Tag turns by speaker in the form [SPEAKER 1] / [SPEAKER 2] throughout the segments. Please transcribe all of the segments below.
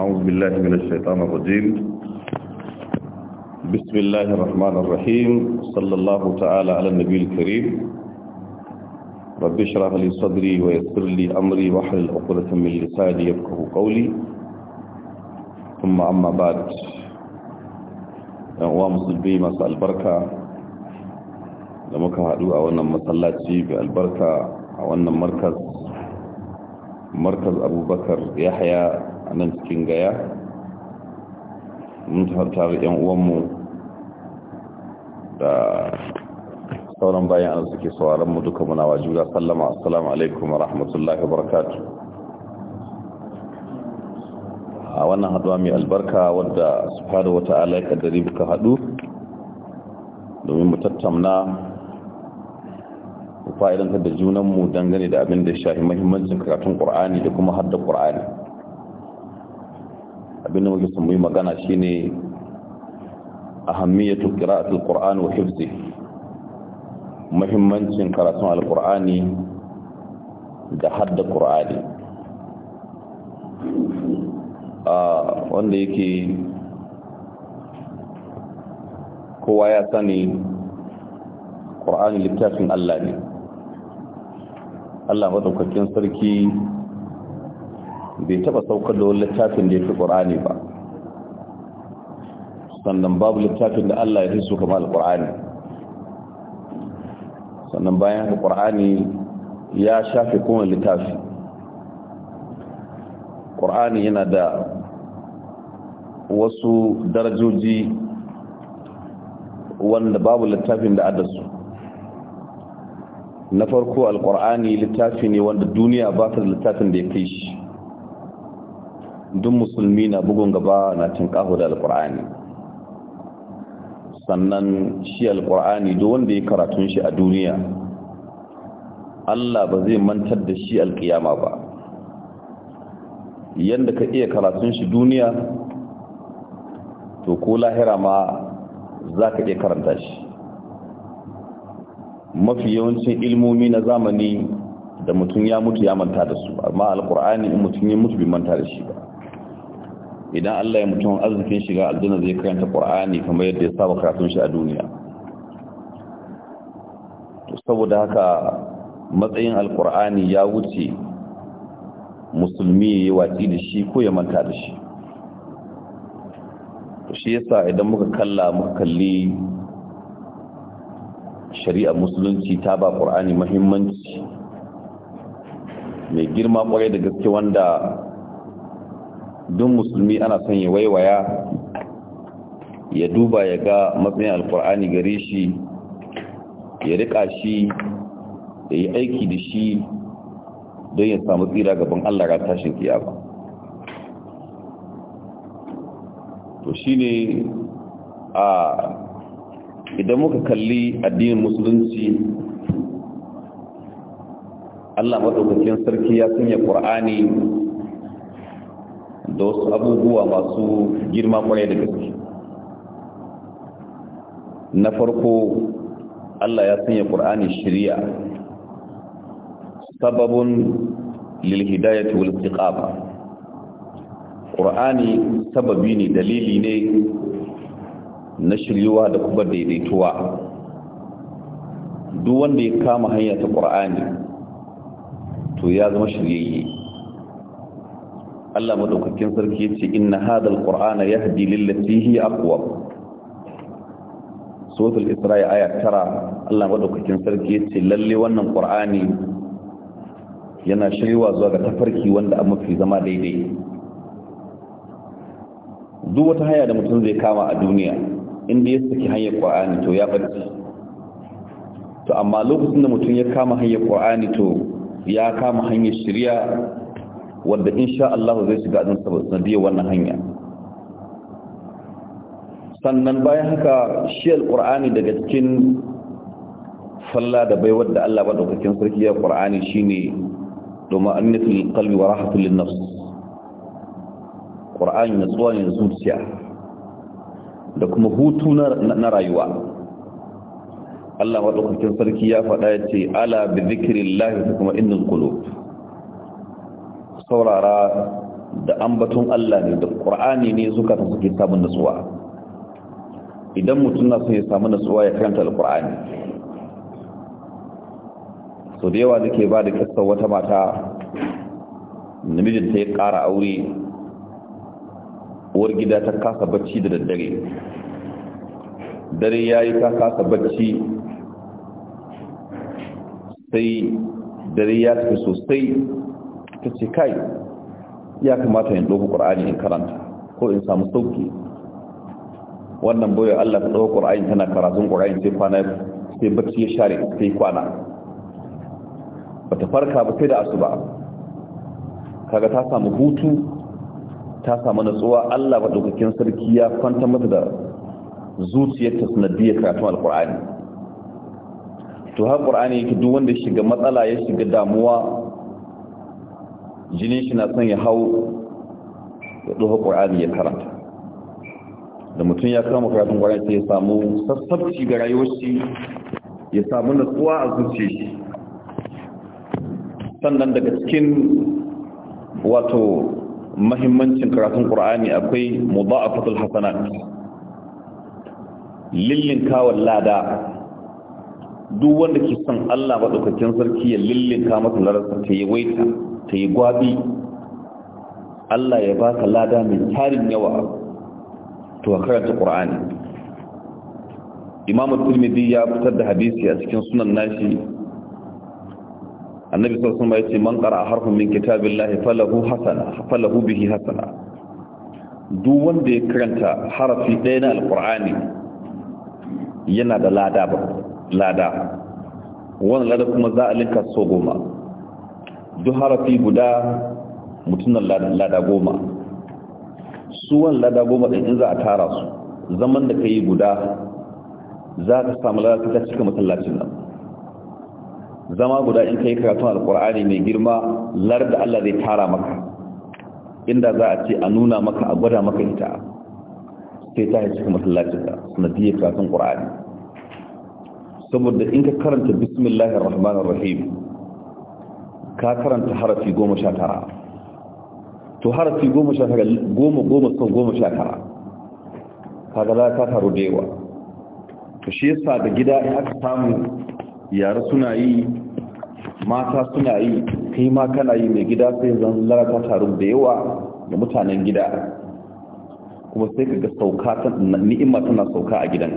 [SPEAKER 1] أعوذ بالله من الشيطان الرجيم بسم الله الرحمن الرحيم صلى الله تعالى على النبي الكريم رب اشرح لي صدري ويسر لي أمري واحلل عقدة من لساني يفقهوا قولي ثم أما بعد أقوام uwa musulmi masu albarka da muka haɗu a wannan masallaci mai albarka a wannan a nan cikin gaya mun tare yan uwanmu da sauran bayan an suke sauran mu duka muna wa juna sallama assalamu alaikum wa rahmatullahi wa barakatuh a wannan haduwa mai albarka wadda subhanahu wata ya kaddari muka hadu domin mu tattauna fa'idantar da junanmu dangane da abin da shafi mahimmancin karatun ƙur'ani da kuma hadda ƙur'ani abinda muke sun yi magana shine ahammiyatu qira'ati alqur'ani wa hifzi muhimmancin karatun alqur'ani da hadda qur'ani ah wanda yake kowa ya sani qur'ani littafin Allah ne Allah madaukakin sarki bai taba saukar da wani littafin da ya fi ƙur'ani ba sannan babu littafin da Allah ya risu kama alƙur'ani sannan bayan haka ƙur'ani ya shafe kowane littafi ƙur'ani yana da wasu darajoji wanda babu littafin da adasu na farko alƙur'ani littafi ne wanda duniya ba ta da littafin da ya kai shi duk musulmi na bugun gaba na tinkaho da alkur'ani sannan shi alkur'ani duk wanda ya karatun shi a duniya Allah ba zai mantar da shi alkiyama ba yadda ka iya karatun shi duniya to ko lahira ma za ka iya karanta shi mafi yawancin ilmomi na zamani da mutum ya mutu ya manta da su amma alkur'ani mutum ya mutu bai manta da shi ba idan Allah ya mutum arzikin shiga aljanna zai karanta Qur'ani kamar yadda ya saba karatun shi a duniya saboda haka matsayin alqur'ani ya wuce musulmi ya watsi da shi ko ya manta da shi to shi yasa idan muka kalla muka kalli shari'a musulunci ta ba Qur'ani muhimmanci mai girma kwarai da gaske wanda don musulmi ana son ya waiwaya ya duba ya ga matsayin alkur'ani gare shi ya rika shi ya yi aiki da shi don ya samu tsira gaban allah ga tashin kiyama to shi ne a idan muka kalli addinin musulunci allah maɗaukakin sarki ya sanya ƙur'ani da wasu abubuwa masu girma kwarai da gaske na farko Allah ya sanya ƙur'ani shirya sababin lilhidayat wal ƙur'ani sababi ne dalili ne na shiryuwa da kuma daidaituwa duk wanda ya kama hanya ta ƙur'ani to ya zama shiryayye Allah madaukakin sarki ya yace inna hadal qur'ana yahdi lil lati hi aqwa suratul isra'i aya tara Allah madaukakin sarki ya ce lalle wannan qur'ani yana shirwa zuwa ga tafarki wanda an mafi zama daidai duk wata haya da mutum zai kama a duniya inda ya saki hanyar qur'ani to ya bace to amma lokacin da mutum ya kama hanyar qur'ani to ya kama hanyar shari'a wanda insha Allah zai shiga ajin sanadiyar wannan hanya sannan bayan haka shi qur'ani daga cikin falla da baiwar da Allah maɗaukakin sarki ya ƙur'ani shine ne domin annatul kalbi wa rahatulin nafs ƙur'ani na tsuwa ne zuciya da kuma hutu na rayuwa Allah maɗaukakin sarki ya faɗa ya ce ala bi zikirin lahi kuma innul qulub saurara da ambaton Allah ne da ƙur'ani ne zukata suke samun nutsuwa idan mutum na so ya samu nutsuwa ya karanta alƙur'ani so da yawa nake ba da kissa wata mata namijinta ya ƙara aure uwar gida ta kasa bacci da daddare dare ya yi ta kasa bacci sai dare ya tafi sosai ta ce kai ya kamata in ɗauki ƙur'ani in karanta ko in samu sauki wannan boye Allah ta ɗauki ƙur'ani tana karatun ƙur'ani sai kwana sai bacci ya share sai kwana bata farka ba sai da asuba kaga ta samu hutu ta samu natsuwa Allah ba ɗaukakin sarki ya kwanta mata da zuciyarta sanadiyar karatun alƙur'ani to har yake duk wanda ya shiga matsala ya shiga damuwa jini shi na son ya hau ya ɗoha ƙwararri ya karanta da mutum ya kama karatun ƙwararri sai ya samu sassabci ga rayuwar shi ya samu natsuwa a zuce sannan daga cikin wato mahimmancin karatun ƙur'ani akwai a fasal hasana lillin kawon lada duk wanda ke son Allah madaukakin sarki ya lillin ka masa larasa ta yawaita ta yi gwabi Allah ya baka lada mai tarin yawa to karanta Qur'ani Imam Tirmidhi ya fitar da hadisi a cikin sunan nashi Annabi sallallahu ya ce man qara'a harfan min kitabillahi falahu falahu bihi hasana duk wanda ya karanta harafi ɗaya na alqur'ani yana da lada ba lada lada kuma za a linka so goma duk harafi guda mutunan lada goma suwan lada goma ɗin in za a tara su zaman da ka yi guda za ka samu lalata ta cika matsalacin nan zama guda in ka yi karatun alkur'ani mai girma lar da allah zai tara maka inda za a ce a nuna maka a gwada maka ita sai ta yi cika matsalacin na biya karatun ƙur'ani saboda in ka karanta bismillahir rahmanir rahim ka karanta harafi goma sha tara to harafi goma sha tara goma goma sau goma sha tara kaga za ka taru da yawa to shi yasa da gida in aka samu yara suna yi mata suna yi kai ma kana yi mai gida sai zan larata taru da yawa da mutanen gida kuma sai ka ga sauka ni'ima tana sauka a gidan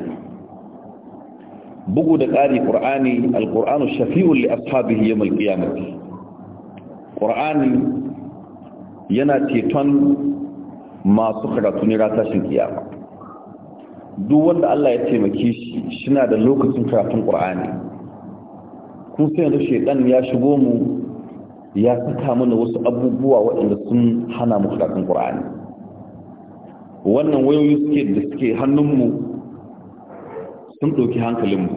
[SPEAKER 1] bugu da ƙari ƙur'ani alƙur'anu shafi'un li ashabihi yawmal qiyamah ƙur'ani yana ceton masu karatu ne ratashin kiyama duk wanda Allah ya taimaki shi shina da lokacin karatun ƙur'ani kun sai yanzu shaidan ya shigo mu ya saka mana wasu abubuwa waɗanda sun hana mu karatun ƙur'ani wannan wayoyi suke da suke hannunmu sun ɗauki hankalinmu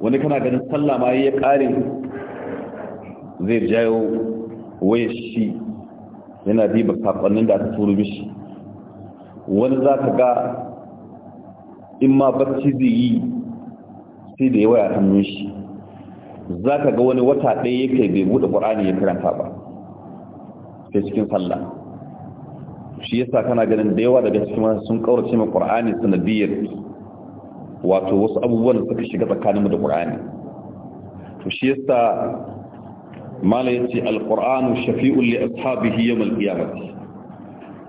[SPEAKER 1] wani kana ganin sallah ma ya ƙare zai jayo waya shi yana diba kafannin da aka turu mishi wani za ka ga in ma barci zai yi sai da ya hannun shi za ka ga wani wata ɗaya yake bai buɗe ƙwarani ya karanta ba sai cikin sallah shi yasa kana ganin da yawa daga cikin sun ƙaurace mai ƙwarani sanadiyar wato wasu abubuwan da suka shiga tsakaninmu da ƙwarani to shi yasa mala yace alqur'anu shafi'un li ashabihi yawm alqiyamah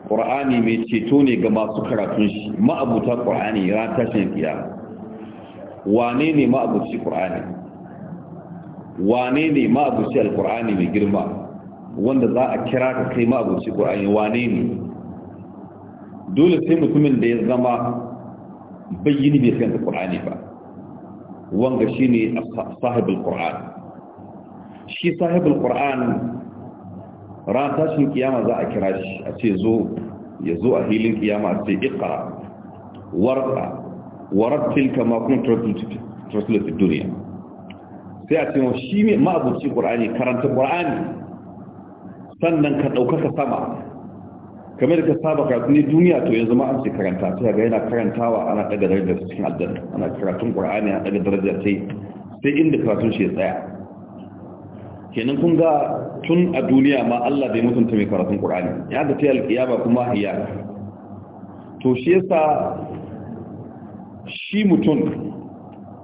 [SPEAKER 1] qur'ani mai ceto ne ga masu karatun shi ma'abuta qur'ani ran tashin kiyama wane ne ma'abuci qur'ani wane ne ma'abuci alqur'ani mai girma wanda za a kira ka kai ma'abuci qur'ani wane ne dole sai mutumin da ya zama bayyini bai san qur'ani ba wanga shine sahibul qur'ani shi sahibul qur'an ran tashin kiyama za a kira shi a ce zo ya zo a hilin kiyama a ce iqra warqa warattil kama kunta tartila fi dunya sai a ce wa shi ne ma'abuci qur'ani karanta qur'ani sannan ka daukaka sama kamar da ka saba karatu ne duniya to yanzu ma an ce karanta sai ga yana karantawa ana ɗaga darajar cikin aljanna ana karatun qur'ani ana daga darajar sai sai inda karatun shi ya tsaya kenan kun ga tun a duniya ma Allah bai mutunta mai karatun Qur'ani ya ga tayar kiyama kuma hiya to shi yasa shi mutum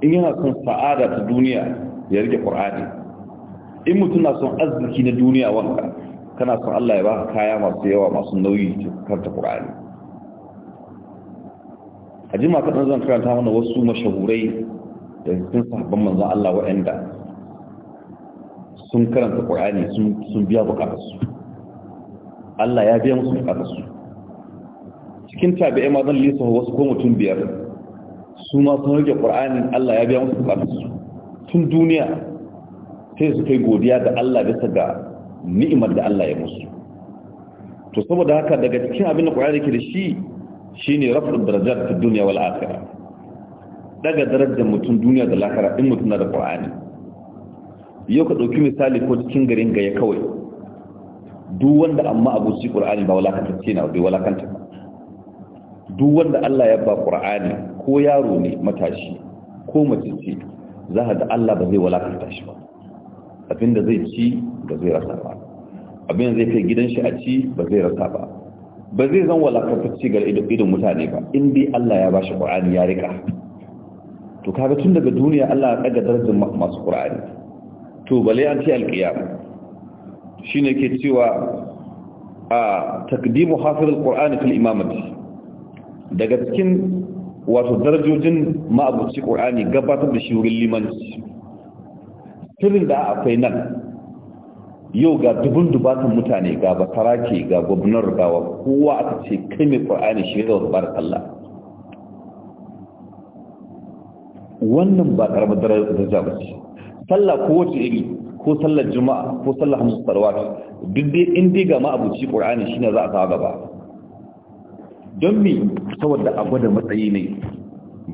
[SPEAKER 1] in yana son sa'ada ta duniya ya rike Qur'ani in mutum na son arziki na duniya wanka kana son Allah ya baka kaya masu yawa masu nauyi karanta Qur'ani a jima kaɗan zan karanta mana wasu mashahurai da sun sabban manzon Allah waɗanda sun karanta ƙur'ani sun biya bukatarsu Allah ya biya musu bukatarsu cikin tabi'ai ma zan lisa wasu ko mutum biyar su ma sun rage ƙur'ani Allah ya biya musu bukatarsu tun duniya sai su kai godiya da Allah bisa ga ni'imar da Allah ya musu to saboda haka daga cikin abin da ƙur'ani ke da shi shine rafu darajar ta duniya wal daga darajar mutum duniya da lakara in mutum na da ƙur'ani yau ka ɗauki misali ko cikin garin gaya kawai duk wanda amma ci ƙur'ani ba ce na bai walakanta ba duk wanda Allah ya ba ƙur'ani ko yaro ne matashi ko matashi za a da Allah ba zai walakanta shi ba abinda zai ci ba zai rasa ba abinda zai kai gidan shi a ci ba zai rasa ba ba zai zan ci ga idon mutane ba in dai Allah ya ba shi ƙur'ani ya rika to kaga tun daga duniya Allah ya ɗaga darajar masu ƙur'ani to bale an ce alƙiyama shi ne ke cewa a takdimu hafirar ƙor'ani fil imamati daga cikin wato darajojin ma'abuci ƙor'ani gabatar da shi wurin limanci sirrin da akwai nan yau ga dubun dubatan mutane ga basarake ga gwamnar gawa kowa aka ce kai mai ƙor'ani shi ga zubar Allah wannan ba ƙaramar daraja ba ce sallah kowace iri ko sallar juma'a ko sallar hamsu salawat duk dai in dai ga ma'abuci qur'ani shine za a kawo gaba don me saboda a gwada matsayi ne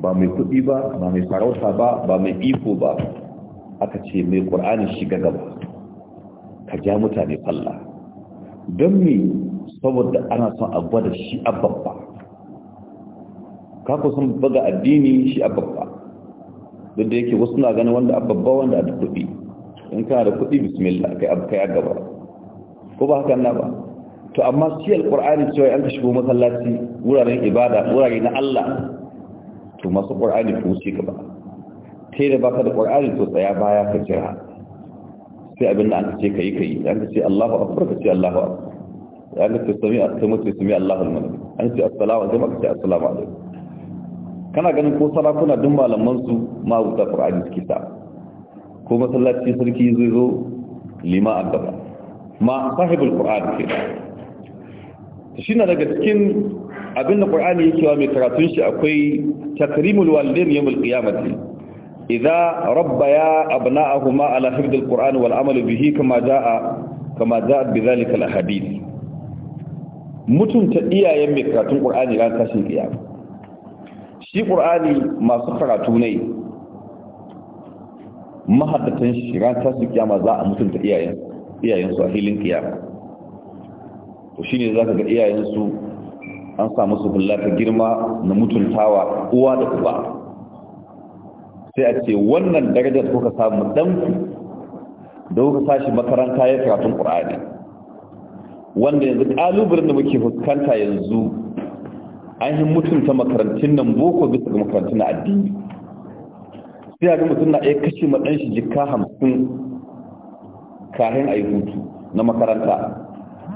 [SPEAKER 1] ba mai kuɗi ba ba mai farauta ba ba mai iko ba aka ce mai qur'ani shiga gaba ka ja mutane sallah don me saboda ana son a gwada shi a babba ka buga buga addini shi a babba duk da yake wasu na ganin wanda babba wanda a da kuɗi in kana da kuɗi bismillah kai abu kai gaba ko ba haka na ba to amma shi alqur'ani cewa an ka shigo masallaci wuraren ibada wurare na Allah to masu qur'ani ko shi gaba kai da baka da qur'ani to tsaya baya ka jira sai abin da an ce kai kai an ka ce Allahu akbar ka ce Allahu akbar an ce sami at-tamatu sami Allahu al-mulk an ce assalamu alaikum ka ce assalamu alaikum kana ganin ko sarakuna dun malaman su ma rubuta qur'ani suke sa ko masallaci sarki zai zo lima a gaba ma sahibul qur'an ke shi na daga cikin abin da qur'ani yake wa mai karatun shi akwai takrimul walidain yawmul qiyamati idza rabbaya abna'ahuma ala hifdil qur'an wal amal bihi kama jaa kama jaa bidhalika al ahadith mutunta iyayen mai karatun qur'ani ran tashin kiyama shi ƙur'ani masu karatu ne mahaddatan shi ran su kiyama za a mutunta iyayensu a filin kiyama to shine za ka ga iyayensu an samu su hulla girma na mutuntawa uwa da uba sai a ce wannan darajar kuka samu ɗanku da kuka sashi makaranta ya karatun ƙur'ani wanda yanzu ƙalubalen da muke fuskanta yanzu ainihin mutunta makarantun nan boko bisa ga makarantun na addini sai a ga mutum na iya kashe maɗan shi jika hamsin kahin a yi hutu na makaranta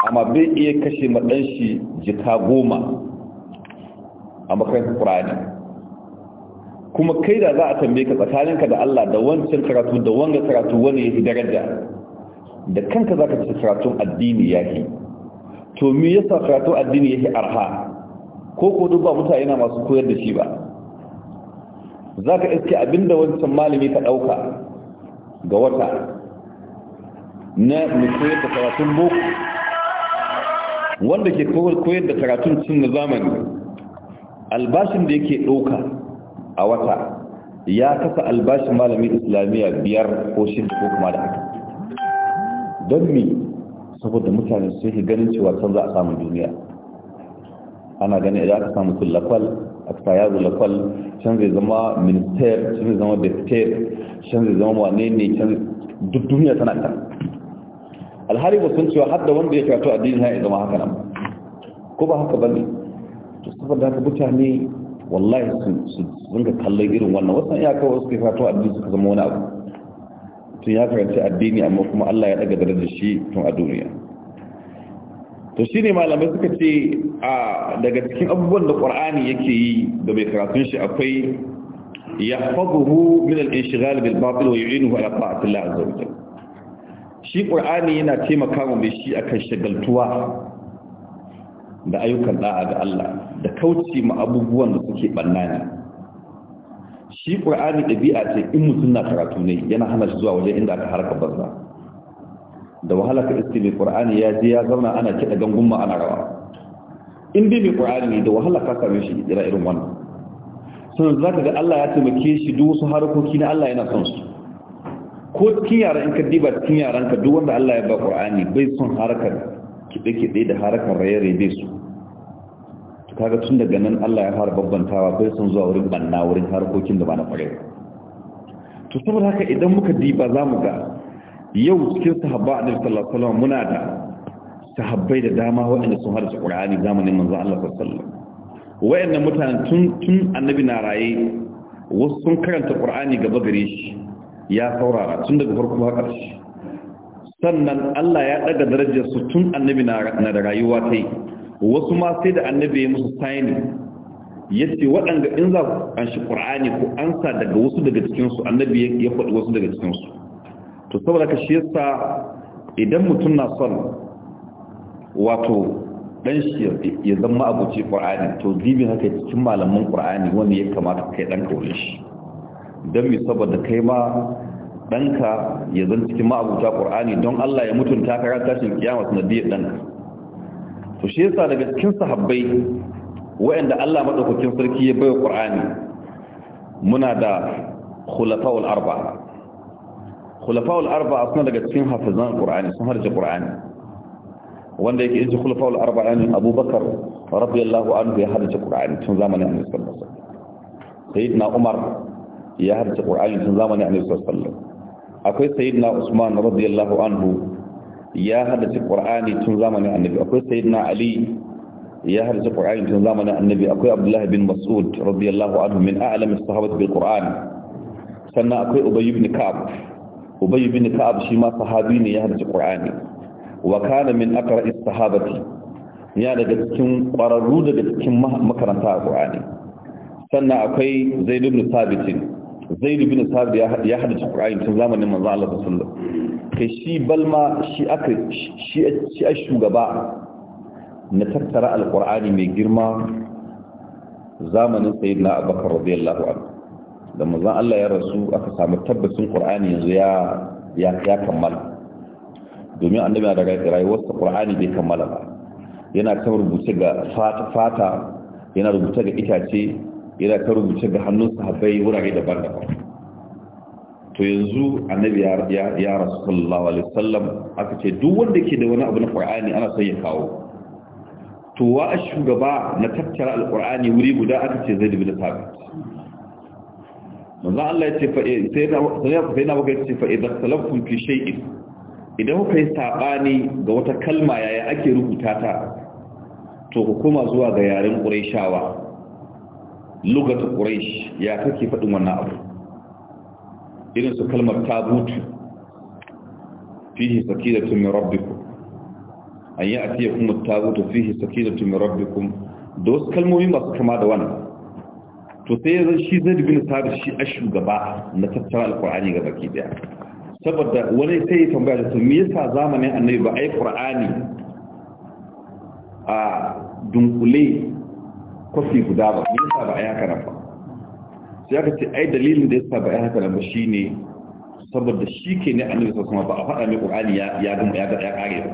[SPEAKER 1] amma bai iya kashe maɗan shi jika goma a makarantar ƙurani kuma kai da za a tambaye ka tsakaninka da Allah da wancan karatu da wanga karatu wani ya fi daraja da kanka za ka ci karatun addini ya fi to me yasa karatun addini ya fi arha ko ko duk ba mutane na masu koyar da shi ba za ka iske abinda wancan malami ka ɗauka ga wata na mu koyar da karatun boko wanda ke koyar da karatun cin na zamani albashin da yake ɗauka a wata ya kasa albashin malamin islamiyya biyar ko shida ko kuma da haka don mi saboda mutane sun ganin cewa can za a samun duniya ana ganin idan aka samu sun lakwal aka ya yaro lakwal can zai zama minister can zai zama deputair can zai zama wane ne can duk duniya tana ta alhari ba sun cewa hadda wanda ya kato addini na ya zama haka nan ko ba haka bane to saboda haka mutane wallahi sun ga kallon irin wannan wasan ya kawo suka kato addini suka zama wani abu tun ya karanci addini amma kuma Allah ya daga darajar shi tun a duniya to shine malamai suka ce a daga cikin abubuwan da qur'ani yake yi da bai karatun shi akwai yahfazuhu min al inshigal bil batil wa yu'inuhu ala ta'ati Allah azza wajal shi qur'ani yana taimaka mu bai shi akan shagaltuwa da ayyukan da'a ga Allah da kauce ma abubuwan da suke bannani shi qur'ani dabi'a ce in mutum na karatu ne yana hana shi zuwa waje inda aka harka banza da wahala ka iske mai qur'ani ya je ya zauna ana kiɗa gangun ma ana rawa in dai mai qur'ani ne da wahala ka same shi ira irin wannan sun zaka ga Allah ya taimake shi duk wasu harkoki na Allah yana son su ko cikin yaran in ka diba cikin yaran ka duk wanda Allah ya ba qur'ani bai son harkar kiɗe-kiɗe da harkar raye-raye bai su kaga tun daga nan Allah ya fara babbantawa bai son zuwa wurin banna wurin harkokin da ba na fare to saboda haka idan muka diba za mu ga yau cikin sahabba annabi sallallahu alaihi muna da sahabbai da dama waɗanda sun hada Qur'ani zamanin manzan Allah sallallahu alaihi mutane tun tun annabi na raye wasu sun karanta Qur'ani gaba gare shi ya saurara tun daga farko ba ƙarshe sannan Allah ya ɗaga darajar su tun annabi na da rayuwa yi wasu ma sai da annabi ya musu sayani ce waɗanda in za ku an shi ku ansa daga wasu daga cikinsu, annabi ya faɗi wasu daga cikinsu. to saboda ka shi yasa idan mutum na son wato dan shi ya zama abuci qur'ani to dibin haka cikin malaman qur'ani wanda ya kamata kai dan kaure shi dan mi saboda kai ma danka ya zan cikin ma'abuta qur'ani don Allah ya mutunta ka ran tashin kiyama sanadiyar danka to shi yasa daga cikin sahabbai waɗanda Allah madaukakin sarki ya bai qur'ani muna da khulafa'ul arba'a khulafa'ul arba'a suna daga cikin hafizan qur'ani sun harje qur'ani wanda yake inji khulafa'ul arba'a ne abubakar radiyallahu anhu ya harje qur'ani tun zamanin annabi sallallahu alaihi wasallam sayyidina umar ya harje qur'ani tun zamanin annabi sallallahu alaihi wasallam akwai sayyidina usman radiyallahu anhu ya haddace qur'ani tun zamanin annabi akwai sayyidina ali ya haddace qur'ani tun zamanin annabi akwai abdullahi bin mas'ud radiyallahu anhu min a'lam as-sahabati bil qur'an sannan akwai ubay ibn ka'b ubay bin ka'ab shi ma sahabi ne ya haddace qur'ani wa kana min aqra'i sahabati ya daga cikin ƙwararru daga cikin makaranta a qur'ani sannan akwai zaid ibn thabit zaid ibn thabit ya haddace qur'ani tun zamanin manzo Allah sallallahu alaihi wasallam kai shi balma shi aka shi shi shugaba na tattara alqur'ani mai girma zamanin sayyidina abubakar radiyallahu anhu da manzon Allah ya rasu aka samu tabbacin Qur'ani yanzu ya ya kammala domin annabi da rayuwarsa Qur'ani bai kammala ba yana ta rubuce ga fata fata yana rubuce ga itace yana ta rubuce ga hannun sahabbai wurare daban-daban to yanzu annabi ya ya rasu sallallahu alaihi wasallam aka ce duk wanda ke da wani abu na Qur'ani ana son ya kawo to wa shugaba na tattara alqur'ani wuri guda aka ce zai dubi da sabit manzo Allah ya ce fa eh, sai na sai na bakar ce fa idan talafun fi shay'i idan kuka yi sabani ga wata kalma yaya ake rubuta ta to ku koma zuwa ga yaren quraishawa lugatu quraish ya kake fadin wannan abu irin su kalmar tabut fihi sakinatu min rabbikum an ya'tiyakum at-tabut fihi sakinatu min rabbikum da wasu kalmomi masu kama da wannan to sai yanzu shi zai dubi sabir shi a shugaba na tattara alkur'ani ga baki daya saboda wani sai ya tambaya da su me yasa zamanin annabi ba ai qur'ani a dunkule kwafi guda ba me yasa ba ai haka nan ba sai aka ce ai dalilin da yasa ba ai haka nan ba shine saboda shi ke ne annabi sallallahu kuma ba a faɗa mai qur'ani ya ya gama ya ya kare ba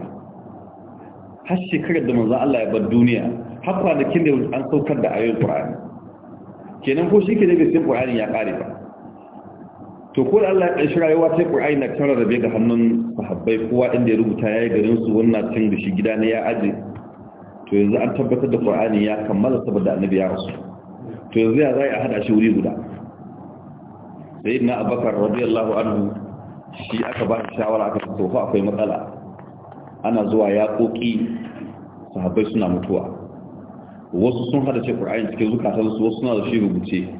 [SPEAKER 1] har shekarar da manzo Allah ya bar duniya har kwanakin da an saukar da ayoyin qur'ani kenan ko shi ke ne bai sai ƙur'ani ya ƙare ba to ko da Allah ya ƙanshi rayuwa sai ƙur'ani na tara rabe ga hannun sahabbai kowa inda ya rubuta ya yi garin su wannan cin da shi gida ne ya aje to yanzu an tabbatar da ƙur'ani ya kammala saboda annabi ya rasu to yanzu ya za a hada shi wuri guda sai Abubakar radiyallahu anhu shi aka ba shawara aka tofa akwai matsala ana zuwa ya ƙoƙi sahabbai suna mutuwa wasu sun hada ce ƙur'ani cikin zukatan wasu suna da shi rubuce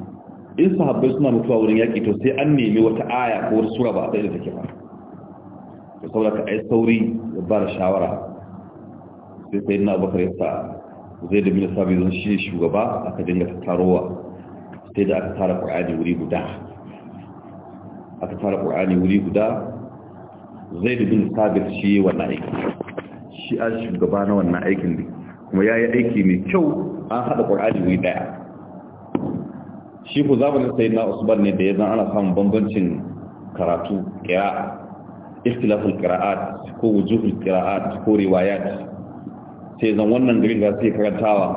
[SPEAKER 1] in sahabbai suna mutuwa wurin yaƙi to sai an nemi wata aya ko wata sura ba a tsaye da take ba to saboda ka ai sauri ya ba da shawara sai sai na bakar yasa zai da bin sabi zan shi shugaba aka dinga tattarowa sai da aka tara ƙur'ani wuri guda aka tara ƙur'ani wuri guda zai da bin sabit shi wannan aikin shi a shugaba na wannan aikin da kuma ya yi aiki mai kyau an haɗa ƙwar'ani wuyi ɗaya shi ku zamanin sayi na usman ne da ya zan ana samun bambancin karatu ƙira'a ikhtilafin ƙira'at ko wujuhul ƙira'at ko riwayat sai zan wannan garin ga sai karantawa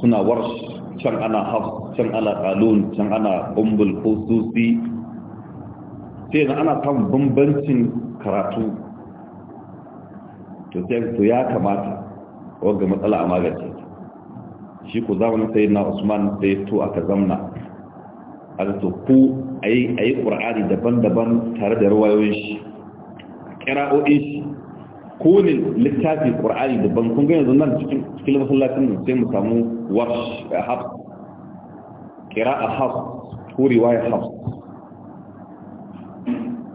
[SPEAKER 1] suna warsh can ana hafs can ana qalun can ana ko susi sai zan ana samun bambancin karatu to sai ya kamata wagga matsala a magance shi ku zamanin sai na usman sai to aka zamna aka to ku a yi ƙur'ani daban-daban tare da ruwayoyin shi ƙira'o'in shi ko ne littafi ƙur'ani daban kun gani zunan cikin masallacin da sai mu samu warsh a eh, haf ƙira'a haf ko riwaya haf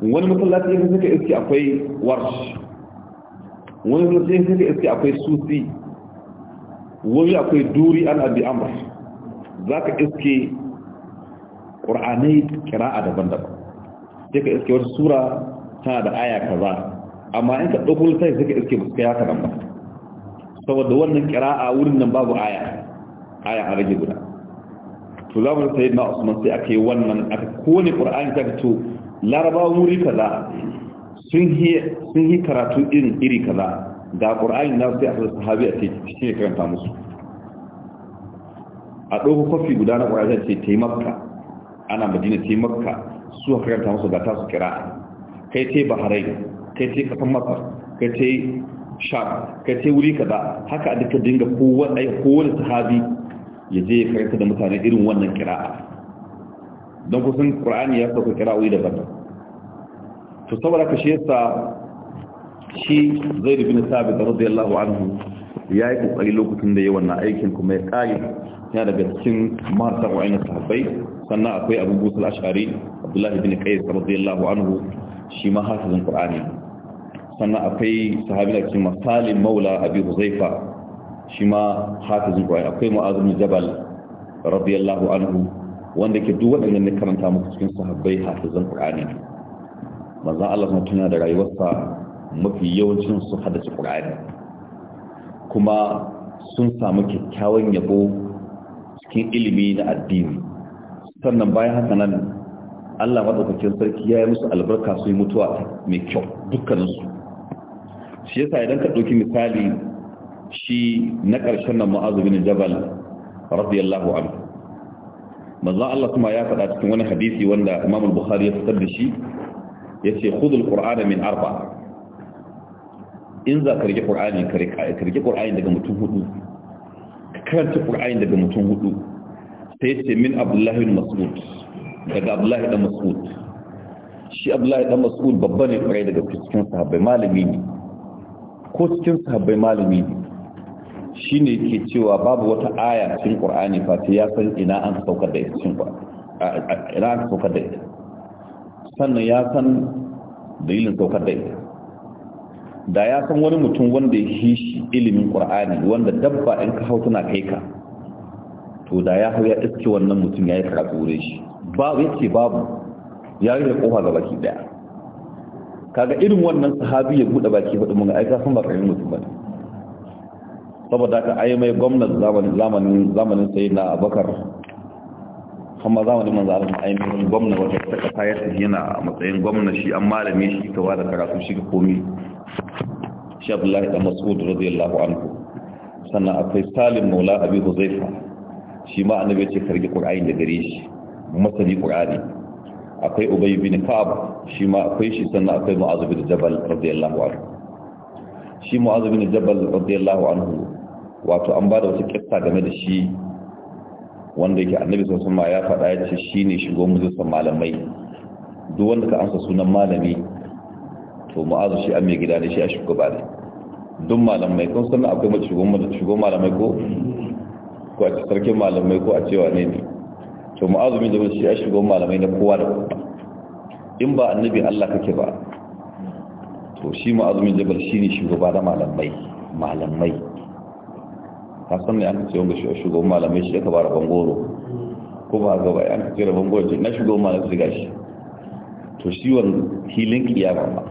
[SPEAKER 1] wani masallacin da suka iske akwai warsh wani zai sai iske akwai sufi wani akwai duri an abi amr za ka iske ƙur'anai a daban-daban sai ka iske wata sura tana da aya kaza amma in ka ɗauko littafi sai ka iske ba ka ya nan ba saboda wannan kira a wurin nan babu aya aya a rage guda to za mu sai na usman sai aka yi wannan aka kone ƙur'ani ta to larabawa wuri kaza sun yi karatu irin iri kaza ga ƙura'ayin na sai a sa sahabi a cikin shi ne karanta musu a ɗauko kwafi guda na ƙura'ayin ce ta yi makka ana madina ta yi makka su karanta musu ga tasu kira kai ce baharai kai ce kasan masar kai ce sham kai ce wuri kaza haka a duka dinga kowane sahabi ya je ya karanta da mutane irin wannan kira'a don kusan ƙur'ani ya sauka kira'o'i daban-daban to saboda ka shi yasa shi zai da sabit radiyallahu anhu ya yi kokari lokacin da ya wannan aikin kuma ya kare ya daga cikin marasa wa'in sahabbai sannan akwai abu musul ashari abdullahi bin qais radiyallahu anhu shi ma hafizin qur'ani sannan akwai sahabi da cikin masalim maula abi huzaifa shi ma hafizin qur'ani akwai mu'az bin jabal radiyallahu anhu wanda ke duk waɗannan ne karanta muku cikin sahabbai hafizin qur'ani manzan Allah sun tuna da rayuwarsa mafi yawancin su haddace Qur'ani kuma sun samu kyakkyawan yabo cikin ilimi na addini sannan bayan haka nan Allah madaukakin sarki ya yi musu albarka su yi mutuwa mai kyau dukkaninsu shi yasa idan ka ɗauki misali shi na ƙarshen nan ma'azu bin jabal radiyallahu anhu manzon Allah kuma ya faɗa cikin wani hadisi wanda imamul Bukhari ya fitar da shi ya ce hudul ƙur'ana min arba in za ka rike ƙur'ani ka rike ƙur'ani daga mutum hudu ka karanta ƙur'ani daga mutum hudu yi ce min abdullahi mas'ud daga abdullahi dan mas'ud shi abdullahi dan mas'ud babba ne ƙwarai daga cikin sahabbai malami ne ko cikin sahabbai malami ne shi ne ke cewa babu wata aya cikin ƙur'ani fata ya san ina an saukar da ita sannan ya san dalilin saukar da ita da ya san wani mutum wanda ya shi shi ilimin ƙur'ani wanda dabba in ka hau tana kai ka to da ya hau ya iske wannan mutum ya yi karatu wurin shi babu ya ce babu ya yi da ƙofa ga baki ɗaya kaga irin wannan sahabi ya buɗe baki hudu mun ga san ba karin mutum ba saboda ka ayi mai gwamnati zamanin zamanin sai na abakar kuma zamanin manzo Allah ainihin gwamna wata ta kasa ya tafi yana a matsayin gwamna shi an malame shi ka da karatu shi ga komi shi Abdullahi dan Mas'ud radiyallahu anhu sannan akwai Salim Maula Abi Huzaifa shi ma annabi ce karge Qur'ani da gare shi masani Qur'ani akwai Ubay bin Ka'ab shi ma akwai shi sannan akwai Mu'adh bin Jabal radiyallahu anhu shi Mu'adh bin Jabal radiyallahu anhu wato an bada wata kissa game da shi wanda yake annabi sosan ma ya faɗa ya ce shi ne shigo majalisar malamai duk wanda ka amsa sunan malami to ma'azu shi an mai gida ne shi a shugaba ne duk malamai kun san akwai mace shigo malamai ko ko a ce sarkin malamai ko a cewa ne ne to ma'azu mai jama'a shi a shigo malamai na kowa da kowa in ba annabi allah kake ba to shi ma'azu mai jama'a shi ne shugaba na malamai malamai kasan ne an ce wanga shugaban malamai shi ya kaba rabon goro ko ba gaba an ce rabon goro ce na shugaban malamai su gashi to shi wani hilin kiyama ba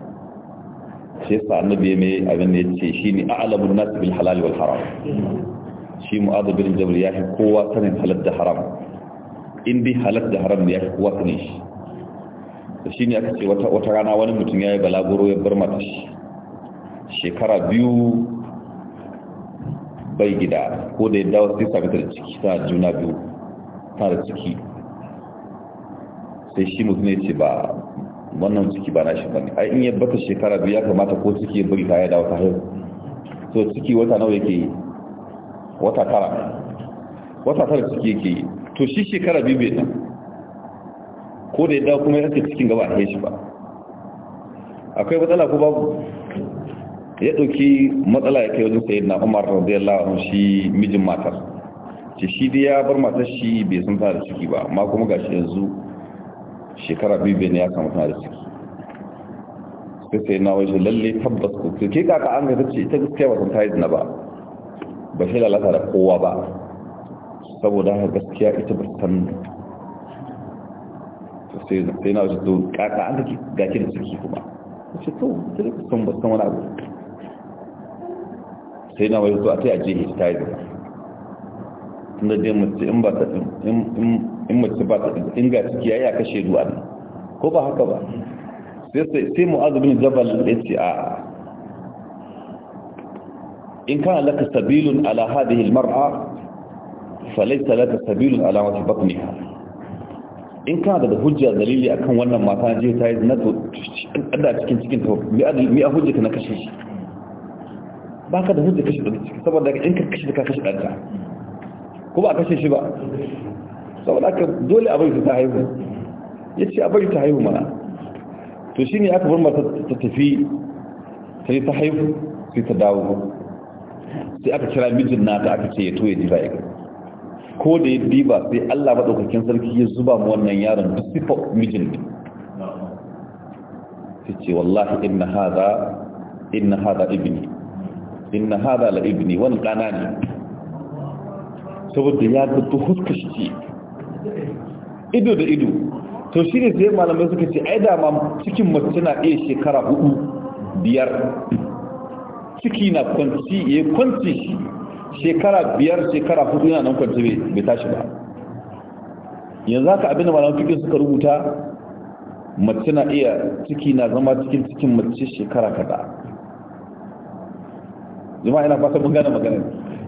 [SPEAKER 1] shi yasa annabi ya mai abin da ya ce shi ne a'alamun nasu bil halal wal haram shi mu'adu bin jabal ya fi kowa sanin halal da haram in bi halal da haram ne ya fi kowa sanin shi shi ne aka ce wata rana wani mutum ya yi balaguro ya bar mata shi shekara biyu bai gida ko da ya dawo sai sami da ciki ta juna biyu ta da ciki sai shi mutum ne ce ba wannan ciki ba na shi bane ai in ya bata shekara biyu ya kamata ko ciki ya bari ta ya dawo ta haihu so ciki wata nawa yake yi wata tara wata tara ciki yake yi to shi shekara biyu bai nan ko da ya dawo kuma ya rasa cikin gaba a shi ba akwai matsala ko babu ya ɗauki matsala ya kai wajen sayi na umar radiyallahu anhu shi mijin matar ce shi dai ya bar matar shi bai san tana da ciki ba ma kuma ga shi yanzu shekara biyu bai ya samu tana da ciki sai sai na waje lalle tabbas ko ce ke kaka an gaza ce ta gaskiya ba san tayi ba ba shi lalata da kowa ba saboda haka gaskiya ita ba san sai na wajen to kaka an gaza ga ke da ciki kuma ce to ta da kuma. ba san wani abu sai na wayo zuwa sai a je histaizer tunda dai mace in ba ta in mace ba ta in ga ciki yayi a kashe zuwa ne ko ba haka ba sai sai sai mu'adh bin jabal yace a in kana laka sabilun ala hadhihi almar'a falaysa laka sabilun ala ma batniha in kana da da hujja dalili akan wannan mata je ta yi na to da cikin cikin to mi a hujjata na kashe shi ba ka da hujja kashe ɗan ciki saboda in ka kashe ka kashe ɗanta ko ba a kashe shi ba saboda aka dole a bai ta haihu ya ce a bai ta haihu mana to shi ne aka bar mata ta tafi ta yi ta haihu sai ta dawo sai aka kira mijin nata aka ce ya toye diba ya ko da ya diba sai allah ɗaukakin sarki ya zuba mu wannan yaron duk sifa mijin ta ce wallahi inna haza inna hada ibni inna hada la ibni wani qanani ne saboda ya gudu huska shi ido da ido to shi ne sai malamai suka ce ai da ma cikin mace na iya shekara hudu biyar ciki na kwanci ya kwanci shi shekara biyar shekara hudu yana nan kwanci bai tashi ba yanzu haka abin da malamai cikin suka rubuta mace na iya ciki na zama cikin cikin mace shekara kada jama'a yana fatan mun gane magana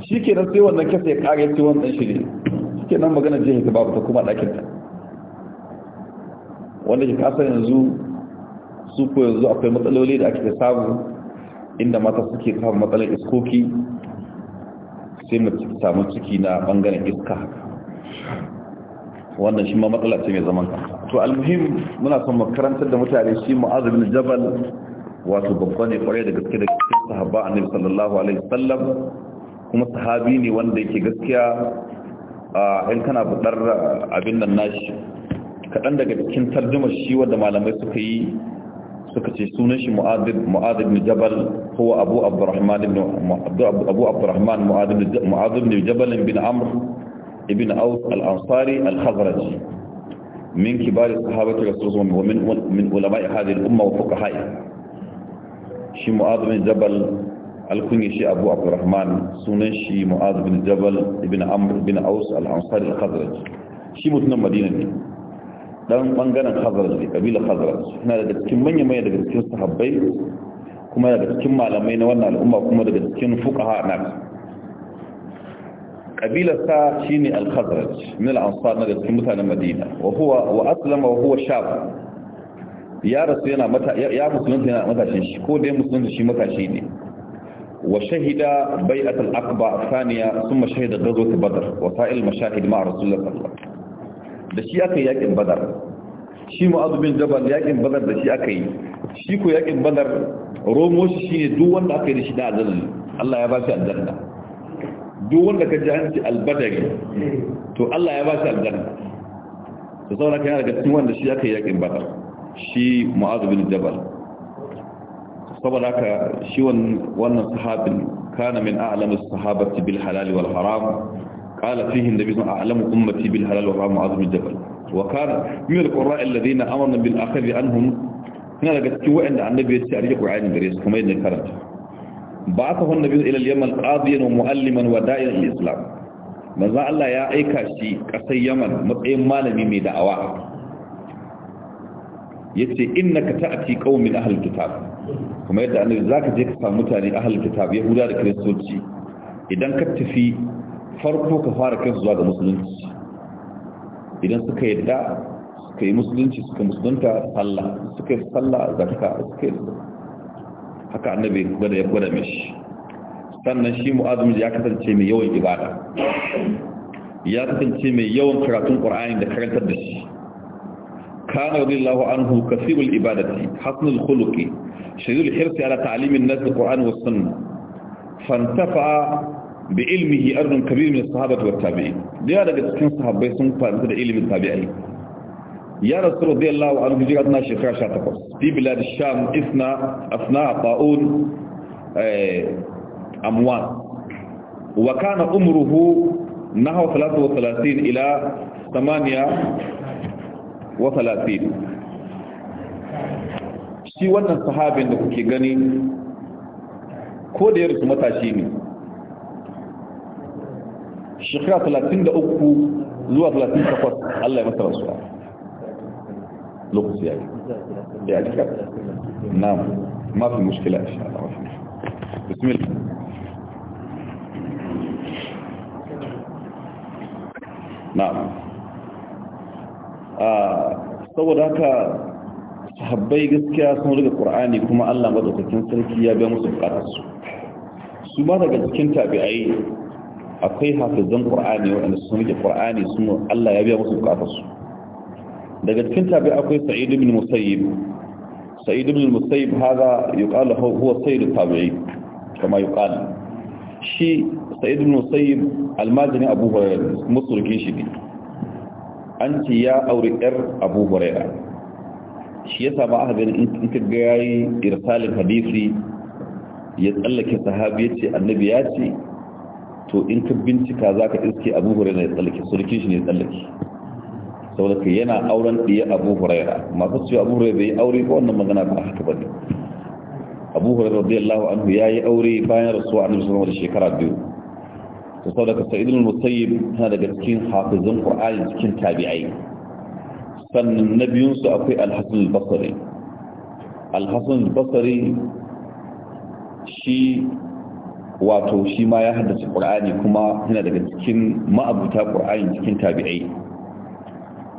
[SPEAKER 1] shi ke nan sai wannan kasa ya kare ce wannan shiri shi ke nan magana jiya ta babu ta kuma ɗakin ta wanda ke kasa yanzu su ko yanzu akwai matsaloli da ake samu inda mata suke samun matsalar iskoki sai mu samu ciki na bangaren iska haka wannan shi ma matsala ce mai zaman kanta to almuhim muna son makarantar da mutane shi mu'azabin jabal wato babba ne kwarai da gaske da cikin sahaba annabi sallallahu alaihi wasallam kuma sahabi ne wanda yake gaskiya a in kana budar abin nan nashi kadan daga cikin tarjuma shi wanda malamai suka yi suka ce sunan shi mu'adib mu'adib ibn jabal huwa abu abdurrahman ibn abu abdurrahman mu'adib mu'adib ibn jabal bin amr ibn aus al-ansari al-khazraji من كبار الصحابة رسول الله ومن علماء هذه الأمة وفقهائها shi mu'adh bin jabal alkunya shi abu abdurrahman sunan shi mu'adh bin jabal ibn amr bin aus al-ansari al-khazraj shi mutumin madina ne dan bangaren khazraj ne kabila khazraj yana daga cikin manyan manyan daga cikin sahabbai kuma daga cikin malamai na wannan al'umma kuma daga cikin fuqaha na kabilar sa shine al-khazraj min al-ansar daga cikin mutanen madina wa huwa wa aslama wa huwa shab ya rasu yana mata ya musulunta yana matashin shi ko dai musulunta shi matashi ne wa shahida bai'at al-aqba thaniya thumma shahida ghazwat badr wa sa'il mashahid ma'a rasulullah sallallahu alaihi wasallam da shi aka yakin badar shi mu'adh bin jabal yakin badar da shi aka yi shi ko yakin badar romo shi shine duk wanda aka yi da shi da aljanna Allah ya ba shi aljanna duk wanda ka ji an ci albadari to Allah ya ba shi aljanna to saboda kana daga cikin wanda shi aka yi yakin badar shi ma'azu bin jabal saboda shi wannan sahabin kana a'lamu sahabati bil halal wal haram qala fihi nabiyyu a'lamu ummati bil halal jabal wa kana min al qurra alladhina amarna bil akhdhi anhum kana daga cikin wanda annabi ya ce a riƙe kuma yadda karanta ba ka hon nabiyyu ila al yaman qadiyan wa mu'alliman wa islam manzo Allah ya aika shi ƙasar yaman matsayin malami mai da'awa Ya ce, yace innaka ta'ati qaumin ahlul kitab kuma yadda annabi zaka je ka samu mutane ahlul kitab yahuda da kristoci idan ka tafi farko ka fara kai zuwa ga musulunci idan suka yadda suka yi musulunci suka musulunta sallah suka yi sallah zakka suka yi haka annabi gwada ya gwada mishi sannan shi mu'azum ya kasance mai yawan ibada ya kasance mai yawan karatun qur'ani da karantar da shi كان رضي الله عنه كثير الإبادة حسن الخلق شديد الحرص على تعليم الناس القرآن والسنة فانتفع بعلمه أرض كبير من الصحابة والتابعين لماذا تكون صحابة صحابي سنفع مثل علم التابعين يا رسول رضي الله عنه جيغتنا شكرا شاتقص في بلاد الشام إثناء أثناء طاؤون آه، أموان وكان أمره نحو 33 إلى 8 wa talatin shi wannan sahabin da kuke gani ko da ya rasu matashi ne shekara 33 zuwa takwas Allah ya masa rasuwa lokaci ya yi ya jika na mafi mushkila insha Allah bismillah na'am saboda haka sahabbai gaskiya sun riga qur'ani kuma Allah madaukakin sarki ya ga musu karasu su ba daga cikin tabi'ai akwai hafizan qur'ani wanda sun riga qur'ani sun Allah ya biya musu karasu daga cikin tabi'ai akwai sa'id ibn musayyib sa'id ibn musayyib hada yuqalu huwa sayyid tabi'i kama yuqalu shi sa'id ibn musayyib almajini abu hurairah musulkin shi ne an ce ya auri yar abu huraira shi ya saba aka gani in ka ga yayi irsalin hadisi ya tsallake sahabi ya ce annabi ya ce to in ka bincika za ka iske abu huraira ya tsallake sulkin shi ne ya tsallake saboda ka yana auren ɗiya abu huraira masu cewa abu huraira bai yi aure ko wannan magana ba haka ba ne abu huraira radiyallahu anhu ya yi aure bayan rasuwa annabi sallallahu alaihi wasallam shekara biyu to saboda sa'id al-musayyib tana daga cikin hafizin qur'ani cikin tabi'ai sannan na biyunsu su akwai al-hasan al-basri wato shi ma ya haddace qur'ani kuma yana daga cikin ma'abuta qur'ani cikin tabi'ai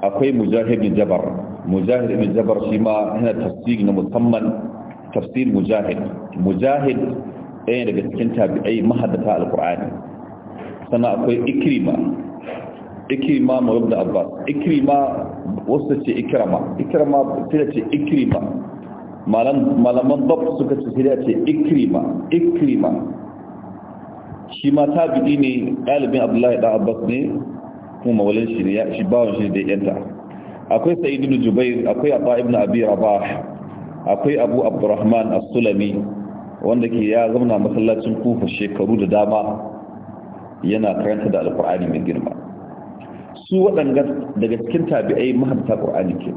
[SPEAKER 1] akwai mujahid bin jabar mujahid jabar shi yana tafsiri musamman tafsir mujahid mujahid ɗaya daga cikin tabi'ai mahaddata al sana akwai ikrima ikrima ma da abbas ikrima wasu ce ikrama ikrama sai da ce ikrima malaman bab suka ce sai da ce ikrima ikrima shi ma tabi'i ne ɗalibin abdullahi da abbas ne kuma mawalin shi ne shi bawon shi da yanta akwai sa'id ibn jubair akwai abba ibn abi rabah akwai abu abdurrahman as-sulami wanda ke ya zama masallacin kufa shekaru da dama yana karanta da alkur'ani mai girma su waɗanda daga cikin tabi'ai mahanta ƙur'ani ke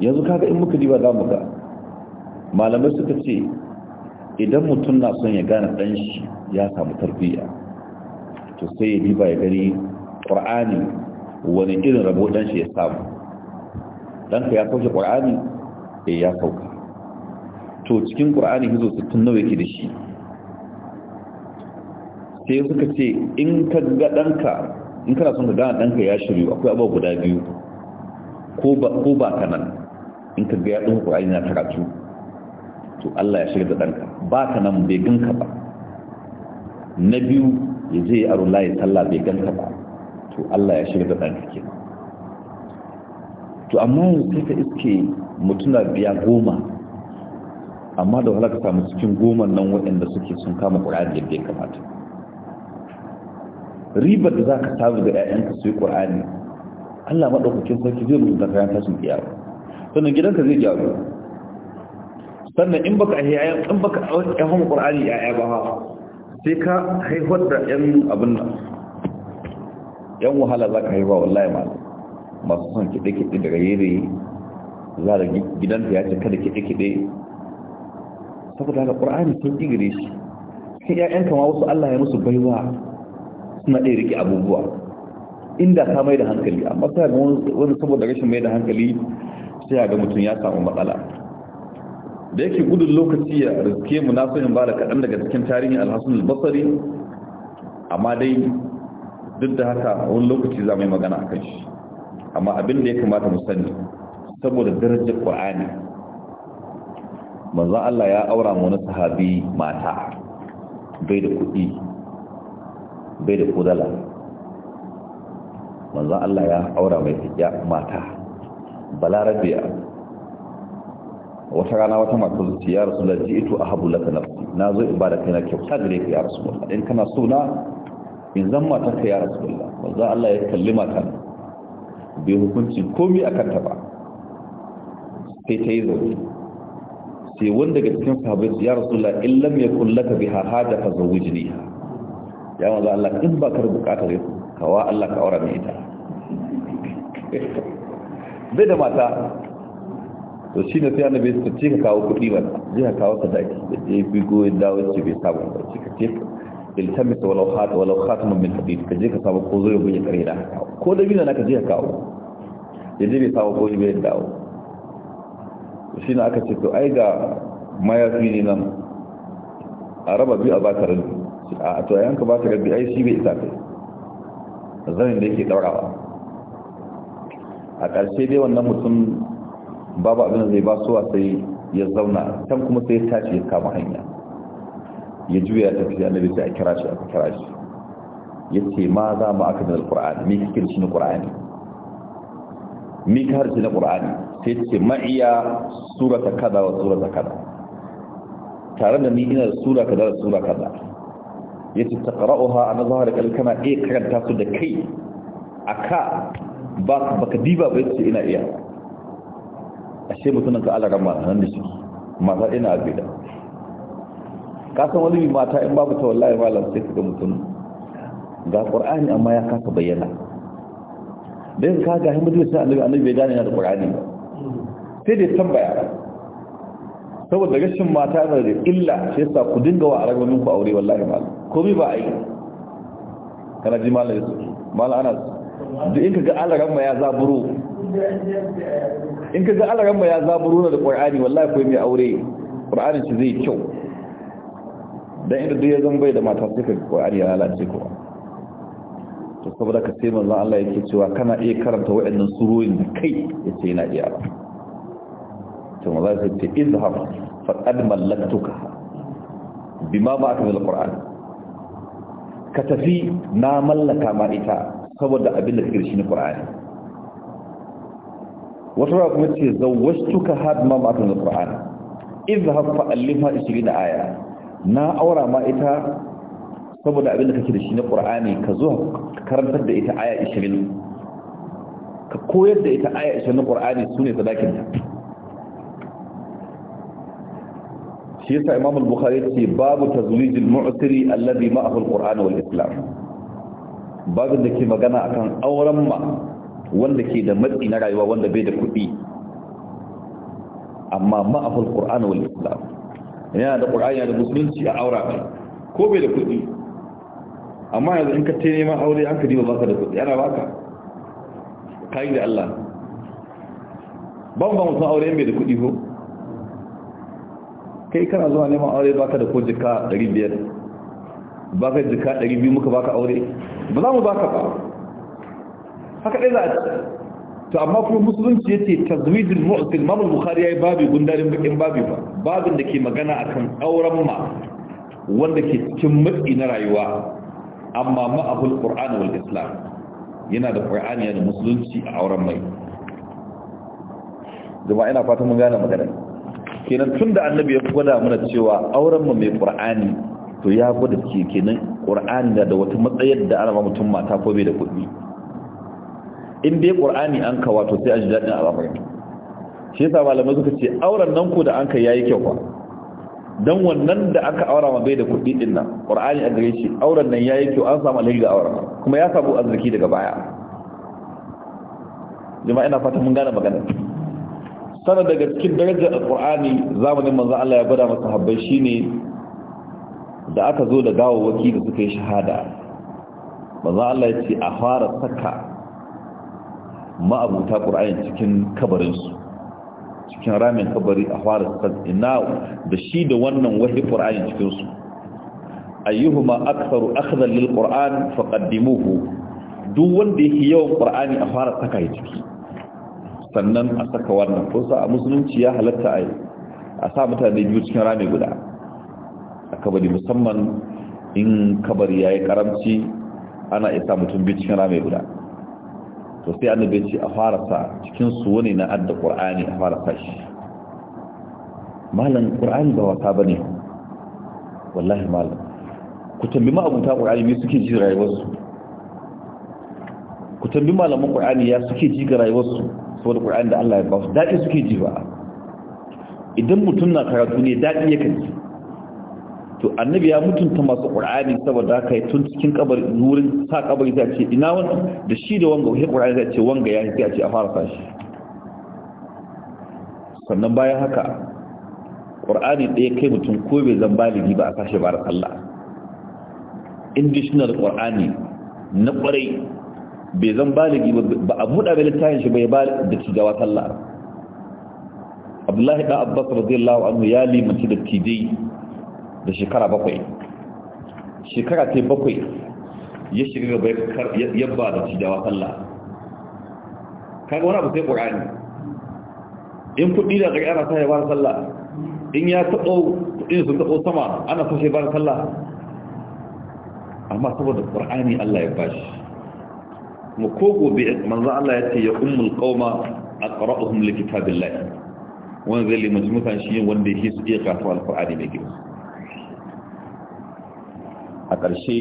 [SPEAKER 1] yanzu kaga in muka diba za mu ga malamai suka ce idan mutum na son ya gane ɗan shi ya samu tarbiyya to sai ya diba ya gani ƙur'ani wani irin rabo ɗan shi ya samu ɗanka ya sauke ƙur'ani eh, ya sauka to cikin ƙur'ani hizo sittin nawa yake da shi sai suka ce in ka ga ɗanka in kana son ka gana ɗanka ya shiru akwai abubuwa guda biyu ko ba ka nan in ka ga ya ɗin ƙwa'ayi na karatu to Allah ya shirya da ɗanka ba ka nan bai ganka ba na biyu ya je a rula ya sallah bai ganka ba to Allah ya shirya da ɗanka ke to amma yanzu sai ka iske mutuna biya goma amma da wahala ka samu cikin goma nan waɗanda suke sun kama ƙura'ar yadda ya kamata ribar da za ka samu ga 'ya'yanka su yi ƙur'ani allah maɗaukakin sarki zai mutu da kayan tashin kiyama sannan gidanka zai gyaru sannan in baka ahiyayen in baka ahiyayen ƙur'ani ya'ya ba ha sai ka haifar da 'yan abin nan 'yan wahala za ka haifa wallahi ma masu son kiɗe-kiɗe daga yere za da gidanka ya ce kada kiɗe-kiɗe saboda haka ƙur'ani sun ƙi gire shi sai 'ya'yanka ma wasu allah ya musu baiwa suna ɗaya rike abubuwa inda ka mai da hankali amma sai ga wani saboda rashin mai da hankali sai ga mutum ya samu matsala da yake gudun lokaci ya riske mu na so in bada kaɗan daga cikin tarihin alhassan albasari amma dai duk da haka wani lokaci za mu yi magana a kan shi amma abin da ya kamata mu sani saboda darajar ƙwa'ani manzan Allah ya aura mu wani sahabi mata bai da kuɗi bai da kodala manzan Allah ya aura mai ya mata balarabiya wata rana wata mata zuci ya rasu lalci ito a habu laka nafsi na zo in ba da kyauta gare ka ya rasu mulla in kana so na in zan mata ka ya rasu mulla manzan Allah ya kalli mata bai hukunci komi a kanta ba sai ta yi zaune sai wanda ga cikin sahabai ya rasu lalci in lam yakun laka biha da ka zawujiniha ya wanzu Allah ka ba ka bukatar yasu kawa Allah ka aura mai ita zai da mata to shi ne sai bai su ce ka kawo kuɗi ba je ka kawo ka daki da je bi goyin dawo ce bai samu ba ce ka ce iltamis walau khat walau khatamun min hadid ka je ka samu ko zo ya buye kare da ko da bina ka je ka kawo ya je bai samu ko bai dawo shi ne aka ce to ai ga mayafi ne nan a raba biyu a baka rabi a to yanka ba ta rabbi ai shi bai isa kai zanin da yake daurawa a ƙarshe dai wannan mutum babu abin da zai ba suwa sai ya zauna can kuma sai ya tashi ya kama hanya ya juya ya tafi annabi da a kira shi aka kira shi ya ce ma za mu aka da alƙur'ani me kike da shi na ƙur'ani me ka shi na ƙur'ani sai ya ce ma'iya surata kada wa surata kada tare da ni ina da sura kada da sura kada. yace taqra'uha an zahar kal kana eh karanta su da kai aka ba baka diba ba yace ina iya ashe mutunan ka Allah ramma nan da shi mata ina abida ka san wani mata in babu ta wallahi malam sai ka ga ga qur'ani amma ya kasa bayyana dan ka ga himmatin sai annabi annabi bai gane na da qur'ani ba sai dai tambaya saboda gashin mata na da illa shi yasa ku dinga wa mun ku aure wallahi mal komai ba ai kana ji mallan yasu mallan ana duk in kaga alaran ma ya zaburo in kaga alaran ma ya zaburo da qur'ani wallahi yi mai aure qur'anin shi zai kyau dan inda duk ya zan bai da mata sai kaga qur'ani ya lalace ko to saboda ka sai manzon Allah yake cewa kana iya karanta waɗannan surorin da kai yace yana iya ba sai maza su ce izhab faqad mallaktuka bima ba aka zai alquran ka tafi na mallaka ma ita saboda abin da kake da shi na qur'ani wata ra kuma ce zawwajtuka had ma ba aka zai alquran izhab fa allimha 20 aya na aura ma ita saboda abin da kake da shi na qur'ani ka zo karantar da ita aya 20 ka koyar da ita aya 20 na qur'ani sune sadakin ta shi yasa imam al-bukhari ce babu tazwijil mu'siri alladhi ma'ahu al-qur'an wal islam babin da ke magana akan auren ma wanda ke da matsi na rayuwa wanda bai da kuɗi amma ma'ahu al-qur'an wal islam yana da qur'ani da musulunci a aura kai ko bai da kuɗi amma yanzu in ka te neman aure an ka diba baka da kuɗi ana baka kai da Allah ban ban mutum aure bai da kuɗi ko kai kana zuwa neman aure baka da ko jika 500 baka jika 200 muka baka aure ba za mu baka ba haka dai za a to amma kuma musulunci yace tazwijul mu'til imam bukhari yayi babu gundarin bakin babu ba babin da ke magana akan auren ma wanda ke cikin matsi na rayuwa amma ma'ahul qur'an wal islam yana da qur'ani yana musulunci a auren mai jama'a ina fatan mun gane magana kenan tun da annabi ya gwada mana cewa auren mu mai qur'ani to ya gwada ke kenan qur'ani da da wata matsayar da ana mutum mata ko bai da kuɗi in dai qur'ani an kawa to sai a ji daɗin al'amarin shi yasa malamai suka ce auren nan ko da an ka yayi kyau fa dan wannan da aka aura ma bai da kuɗi din nan qur'ani a gare shi auren nan yayi kyau an samu alheri ga auren kuma ya samu arziki daga baya jama'a ina fata mun gane magana sana daga cikin darajar alkur'ani zamanin manzan Allah ya gwada masa habbai shine da aka zo da gawawaki da suka yi shahada manzan Allah ya ce a fara saka ma'abuta ƙur'ani cikin kabarinsu cikin ramin kabari a fara saka ina da shi da wannan wahi ƙur'ani cikinsu ayyuhuma aktsaru akhdhan lil qur'an faqaddimuhu duk wanda yake yawan qur'ani a fara saka ya ciki sannan a saka wannan ko sa a musulunci ya halatta a yi a sa mutane biyu cikin rami guda a kabari musamman in kabari ya yi karamci ana isa mutum biyu cikin rami guda to sai an da a fara sa cikin su wani na adda qur'ani a fara sa shi malam qur'ani ba wata ne. wallahi malam ku tambayi ma ƙur'ani qur'ani suke ji rayuwar ku tambi malaman qur'ani ya suke ji ga rayuwarsu saboda qur'ani da Allah ya ba su dadi suke ji ba idan mutum na karatu ne dadi yake ji to annabi ya mutunta masu qur'ani saboda haka ya tun cikin kabari wurin sa kabari zai ce ina wannan da shi da wanga wai qur'ani zai ce wanga ya sai a ce a fara sashi sannan bayan haka qur'ani ɗaya kai mutum ko bai zan baligi ba a sashi ba da sallah in shi na da qur'ani na ƙwarai bai zan baligi ba a buɗa bai littafin shi bai ba da cigawa sallah abdullahi ɗan abbas radiyallahu anhu ya limanci da tijai da shekara bakwai shekara ta bakwai ya shiga gaba ya ba da cigawa sallah kaga wani abu sai ƙorani in kuɗi da ƙarƙara ta yi ba sallah in ya taɓo kuɗin sun taɓo sama ana so shi ba sallah amma saboda ƙorani allah ya bashi kuma ko gobe manzo Allah ya ce ya ummul qauma aqra'uhum li kitabillah wannan zai limanci mutane shi wanda yake su iya kafa alqur'ani mai girma a ƙarshe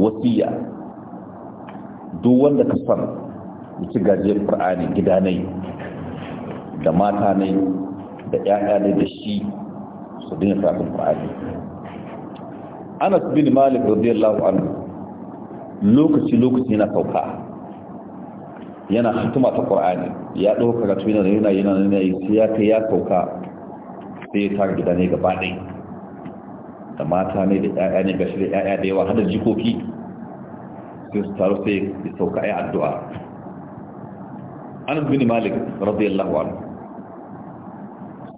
[SPEAKER 1] wasiya duk wanda ka san ci gajiyar qur'ani gida nai, da mata nai, da 'ya'ya ne da shi su dinga kafa alqur'ani Anas bin Malik radiyallahu anhu lokaci lokaci yana sauka yana hatuma ta qur'ani ya ɗauka karatu yana yana yana yana sai ya kai ya sauka sai ya tara gida ne gaba ɗai da mata ne da ƴaƴa ne gashi da ƴaƴa da yawa hada jikoki sai su taro sai ya sauka ya addu'a An zini Malik radiyallahu anhu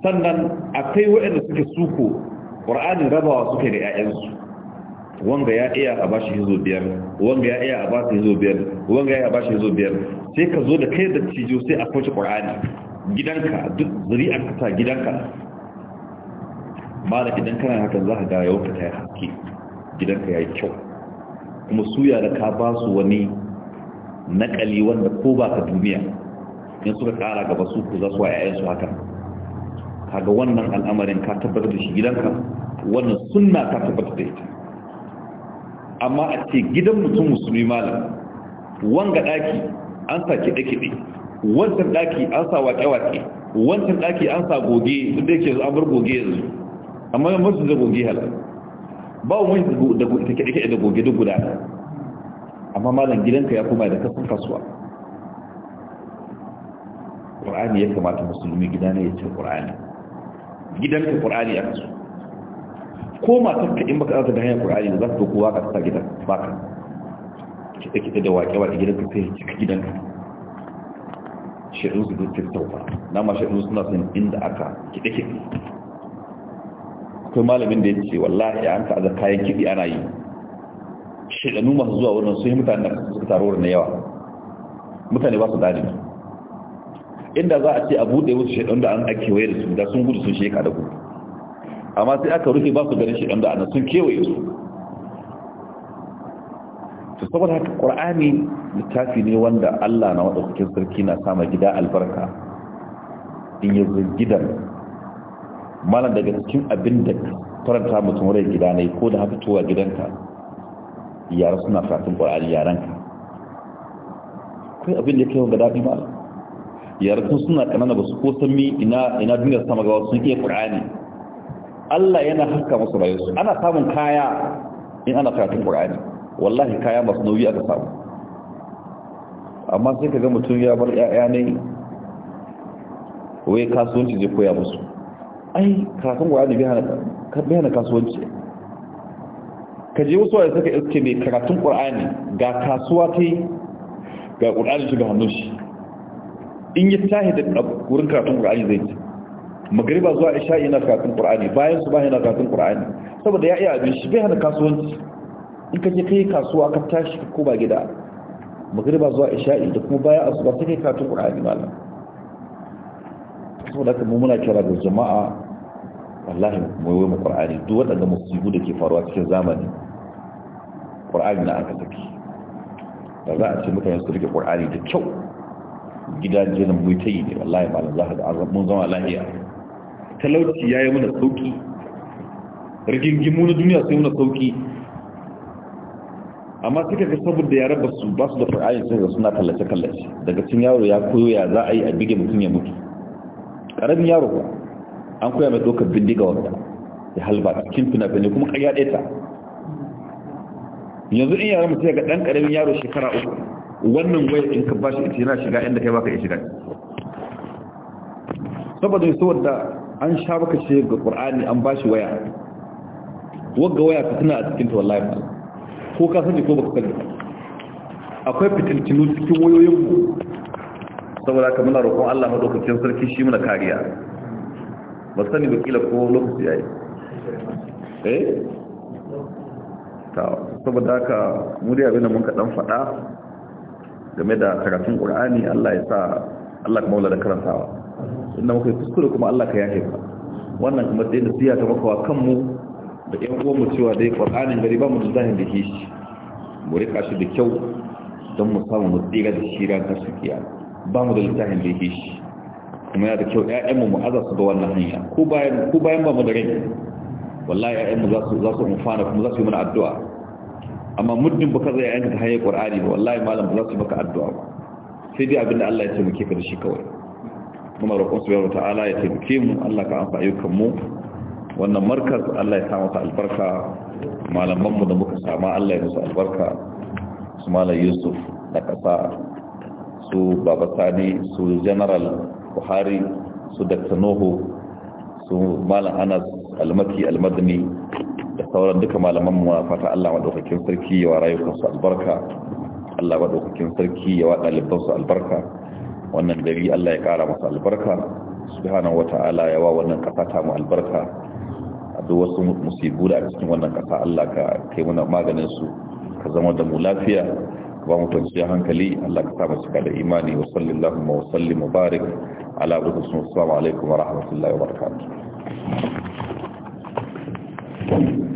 [SPEAKER 1] sannan akwai waɗanda suke suko qur'ani rabawa suke da ƴaƴansu wanga ya iya a bashi hizo biyar wanga ya iya a bashi hizo biyar wanga ya iya a bashi hizo biyar sai ka zo da kai da cijo sai a kwace qur'ani gidanka duk zuri'ar ka ta gidanka da gidanka na hakan za ka ga yau ka ta haske gidanka ya yi kyau kuma suya da ka ba su wani nakali wanda ko ba ka duniya in suka kara gaba su ku za su wa 'ya'yansu su haka kaga wannan al'amarin ka tabbatar da shi gidanka wannan sunna ka tabbatar da ita amma a ce gidan mutum musulmi malam wanga daki an sa kiɗe-kiɗe wancan daki an sa wake-wake wancan daki an sa goge duk da yake an bar goge yanzu amma yan masu da goge hal ba wani da kiɗe-kiɗe da goge duk guda amma malam gidanka ya kuma da kasan kasuwa ƙur'ani ya kamata musulmi gidana ya ce ƙur'ani gidanka ƙur'ani ya kasu ko matar ka in baka zata da hanyar qur'ani ba za ta kowa ka ta gidan baka kiɗe kiɗe da waƙe waƙe gidan ka sai cika gidan ka shirin da duk tattauka na ma shirin suna san inda aka kiɗe kiɗe akwai malamin da ya ce wallahi an ka ta'aza kayan kidi ana yi da masu zuwa wurin sun yi mutane da suka taro wurin na yawa mutane ba su dani inda za a ce a buɗe wasu shaɗan da an ake waye da su da sun gudu sun sheka da gudu amma sai aka rufe ba su ganin shaidan da anan sun kewaye su to saboda haka qur'ani littafi ne wanda Allah na wadaukakin sarki na sama gida albarka in ya zo gidan malam daga cikin abin da faranta mutum rai gida ne ko da haka towa gidanka yara suna fatin qur'ani yaranka kai abin da kai wanda dadi malam yara sun suna ƙanana ba su ko san mi ina ina duniyar sama ga sun iya qur'ani Allah yana haska musu rayuwarsu. ana samun kaya in ana karatun ƙura'ani wallahi kaya masu nauyi aka samu amma sai ka ga mutum ya bar ƴaƴa ne wai kasuwanci zai koya musu ai karatun ƙura'ani bai hana kasuwanci ka je wasu wanda suka iske mai karatun ƙura'ani ga kasuwa ta ga shi shiga hannun shi in ya tahi da wurin karatun ƙura'ani zai ce magariba zuwa isha yana karatun qur'ani bayan su ba yana karatun qur'ani saboda ya iya abin shi bai hana kasuwanci in ka je kai kasuwa ka tashi ko ba gida magariba zuwa isha da kuma bayan asuba sai kai karatun qur'ani malam saboda ka mu muna kira ga jama'a wallahi mu yi mu qur'ani duk waɗanda musibu da ke faruwa cikin zamani qur'ani na aka saki da za a ce mutane su rike qur'ani da kyau gidajen na tayi ne wallahi malam za ka ga mun zama lafiya talauci ya yi muna sauki rigingimu na duniya sai muna sauki amma suka ga saboda yaran ba su ba su da fa'ayin sai ga suna kallace-kallace daga cin yaro ya koyo ya za a yi a bige mutum ya mutu ƙaramin yaro ba an koya mai ɗaukar bindiga wanda ya halba cikin fina-finai kuma ƙarya ɗaya ta yanzu in yaran mutum ya ga ɗan ƙaramin yaro shekara uku wannan waya in ka ba shi ita yana shiga inda kai baka ya shiga saboda yaso wadda an sha baka ce ga qur'ani an bashi waya wagga waya ka fitina a cikin ta wallahi ko ka sani ko baka sani akwai fitilcinu cikin wayoyin saboda ka muna roƙon Allah madaukakin sarki shi muna kariya ba sani ba kila ko lokaci yayi eh ta saboda haka mu dai abin da mun ka dan faɗa game da karatun qur'ani Allah ya sa Allah ka maula da karantawa inda muka yi kuskure kuma Allah ka yafe ka wannan kuma dai siya ta makawa kanmu da ƴan uwanmu cewa dai Qur'anin gari ba mu da zahin da ke shi mu rika shi da kyau don mu samu mu tsira da shi ran kashi kiya ba mu da littafin da ke shi kuma yana da kyau ƴaƴanmu mu aza su ga wannan hanya ko bayan ko bayan ba mu da rai wallahi ƴaƴanmu za su za su amfana kuma za su yi mana addu'a amma muddin baka zai ƴaƴanka da hanyar Qur'ani ba wallahi malam ba za su yi maka addu'a ba sai dai abinda Allah ya ce muke ka da shi kawai muna roƙon su yawon ta'ala ya taimake mu Allah ka amfa ayyukanmu. wannan markas Allah ya sa masa albarka malamanmu da muka sama Allah ya musu albarka su malam yusuf na ƙasa su baba sani su general buhari su dr su malam anas almaki almadani da sauran duka malamanmu na fata Allah maɗaukakin sarki yawa rayukansu albarka Allah maɗaukakin sarki yawa ɗalibansu albarka wannan gari Allah ya kara masa albarka subhanahu wata'ala ya wa wannan kasa ta mu albarka a duk wasu musibu da cikin wannan kasa Allah ka kai mana maganin su ka zama da mu lafiya ka ba mu kwanciyar hankali Allah ka sa mu cika da imani wa sallallahu wa sallim wa barik ala rasul sallallahu alaikum wa rahmatullahi wa barakatuh